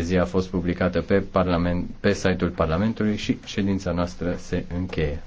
zi a fost publicată pe, parlament, pe site-ul Parlamentului și ședința noastră se încheie.